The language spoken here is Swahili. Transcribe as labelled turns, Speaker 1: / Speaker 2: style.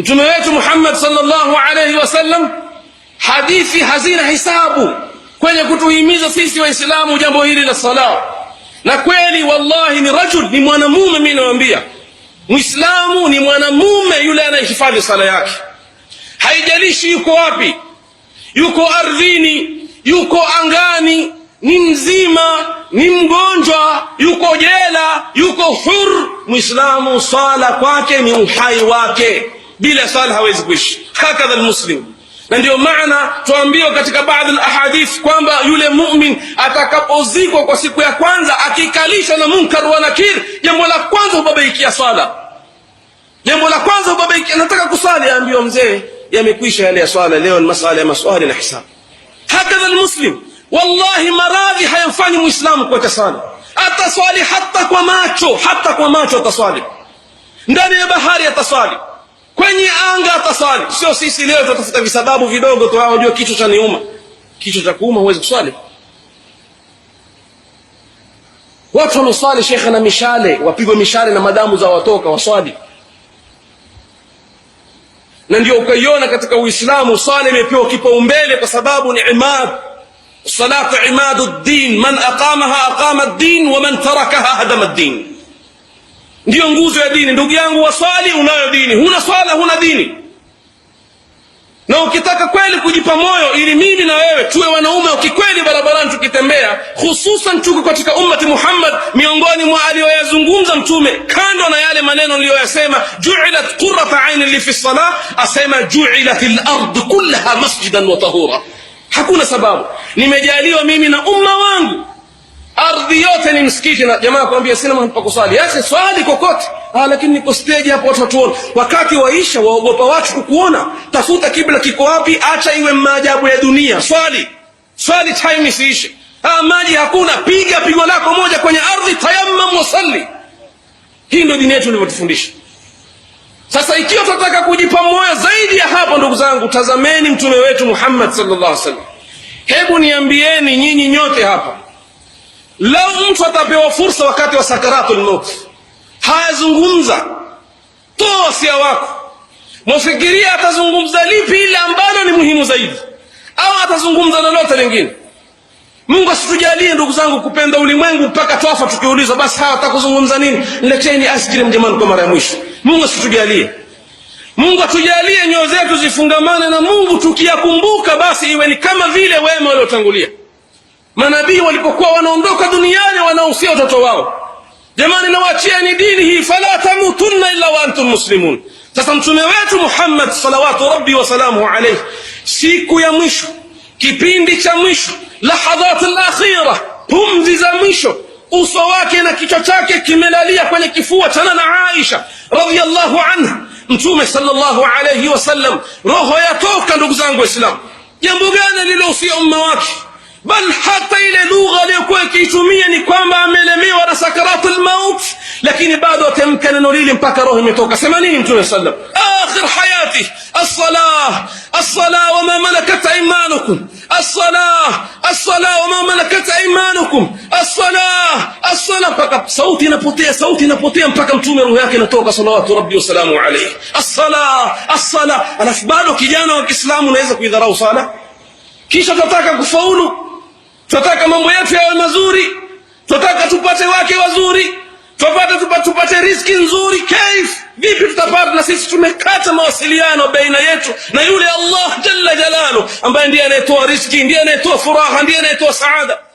Speaker 1: Mtume wetu Muhammad sallallahu alayhi wasallam, hadithi hazina hisabu kwenye kutuhimiza sisi Waislamu jambo hili la sala. Na kweli wallahi, ni rajul, ni mwanamume. Mimi nawaambia Muislamu ni mwanamume yule anayehifadhi sala yake, haijalishi yuko wapi, yuko ardhini, yuko angani, ni mzima, ni mgonjwa, yuko jela, yuko hur. Muislamu sala kwake ni uhai wake. Bila sala hawezi kuishi. Hakadha almuslim. Na ndio maana tuambiwa katika baadhi ya ahadith kwamba yule mumin atakapozikwa kwa siku ya kwanza, akikalishwa na munkar wa nakir, jambo la kwanza hubabaikia swala. Jambo la kwanza hubabaikia, nataka kusali, aambiwa mzee, yamekwisha yale ya swala, leo ni masala ya maswali na hisabu. Hakadha almuslim. Wallahi, maradhi hayamfanyi muislamu kuacha sala. Ataswali hata kwa macho, hata kwa macho ataswali, ndani ya bahari ataswali kwenye anga ataswali, sio sisi leo tutatafuta visababu vidogo tu. Hao ndio kichwa cha niuma, kichwa cha kuuma, huwezi kuswali. Watu wameswali shekhe na mishale, wapigwe mishale na madamu za watoka waswali. Na ndio ukaiona katika Uislamu swala imepewa kipaumbele kwa sababu ni imad salatu, imadu ddin, man aqamaha aqama ddin wa man tarakaha hadama ddin Ndiyo nguzo ya dini. Ndugu yangu, waswali, unayo dini. Huna swala, huna dini. Na ukitaka kweli kujipa moyo, ili mimi na wewe tuwe wanaume wakikweli barabarani tukitembea, hususan tuko katika ummati Muhammad, miongoni mwa aliyoyazungumza Mtume kando na yale maneno niliyoyasema, juilat qurrata aini li fi salah, asema juilat lard kullaha masjidan wa tahura. Hakuna sababu nimejaliwa mimi na umma wangu ardhi yote ni msikiti, na jamaa akwambia sina mahali pa kuswali, yake swali kokote. Ah, lakini niko stage hapo, watu watuone Wakati waisha waogopa watu kukuona. Tafuta kibla kiko wapi, acha iwe maajabu ya dunia. Swali swali, time isiishe. Ah, maji hakuna, piga pigo lako moja kwenye ardhi, tayammam wasalli. Hii ndio dini yetu ilivyotufundisha. Sasa ikiwa tunataka kujipa moyo zaidi ya hapo, ndugu zangu, tazameni mtume wetu Muhammad sallallahu alaihi wasallam. Hebu niambieni nyinyi nyote hapa leo mtu atapewa fursa wakati wa sakaratul maut, hayazungumza toa wasia wako, mwafikiria atazungumza lipi ile ambalo ni muhimu zaidi, au atazungumza lolote lingine? Mungu asitujalie ndugu zangu kupenda ulimwengu mpaka twafa tukiulizwa, basi hawa atakuzungumza nini? Leteni ice mjamani kwa mara ya mwisho. Mungu asitujalie Mungu atujalie nyoo zetu zifungamane na Mungu, tukiyakumbuka basi iwe ni kama vile wema waliotangulia. Manabii walipokuwa wanaondoka duniani wanahusia watoto wao, jamani, nawaachieni dini hii, fala tamutunna illa wa antum muslimun. Sasa mtume wetu Muhammad salawatu rabbi wasalamuhu alaihi, siku ya mwisho, kipindi cha mwisho, lahadhat alakhira, pumzi za mwisho, uso wake na kichwa chake kimelalia kwenye kifua cha na Aisha radhiyallahu anha. Mtume sallallahu alaihi wasallam roho yatoka, ndugu zangu Waislamu, jambo gani alilohusia umma wake bal hata ile lugha aliyokuwa akiitumia ni kwamba amelemewa na sakaratu lmaut, lakini bado atamka neno lile mpaka roho imetoka. Sema nini Mtume sallam akhir hayati alsalah alsalah wama malakat aimanukum alsalah alsalah wama malakat aimanukum alsalah alsalah, mpaka sauti inapotea, sauti inapotea mpaka Mtume roho yake inatoka, salawatu rabbi wasalamu alaihi. Alsalah alsalah, alafu bado kijana wa Kiislamu unaweza kuidharau sala kisha tataka kufaulu Tunataka mambo yetu yawe mazuri, tunataka tupate wake wazuri, tupate tupate, tupate riski nzuri. Kaif vipi tutapata na sisi tumekata mawasiliano baina yetu na yule Allah jalla jalalu, ambaye ndiye anayetoa riski, ndiye anayetoa furaha, ndiye anayetoa saada.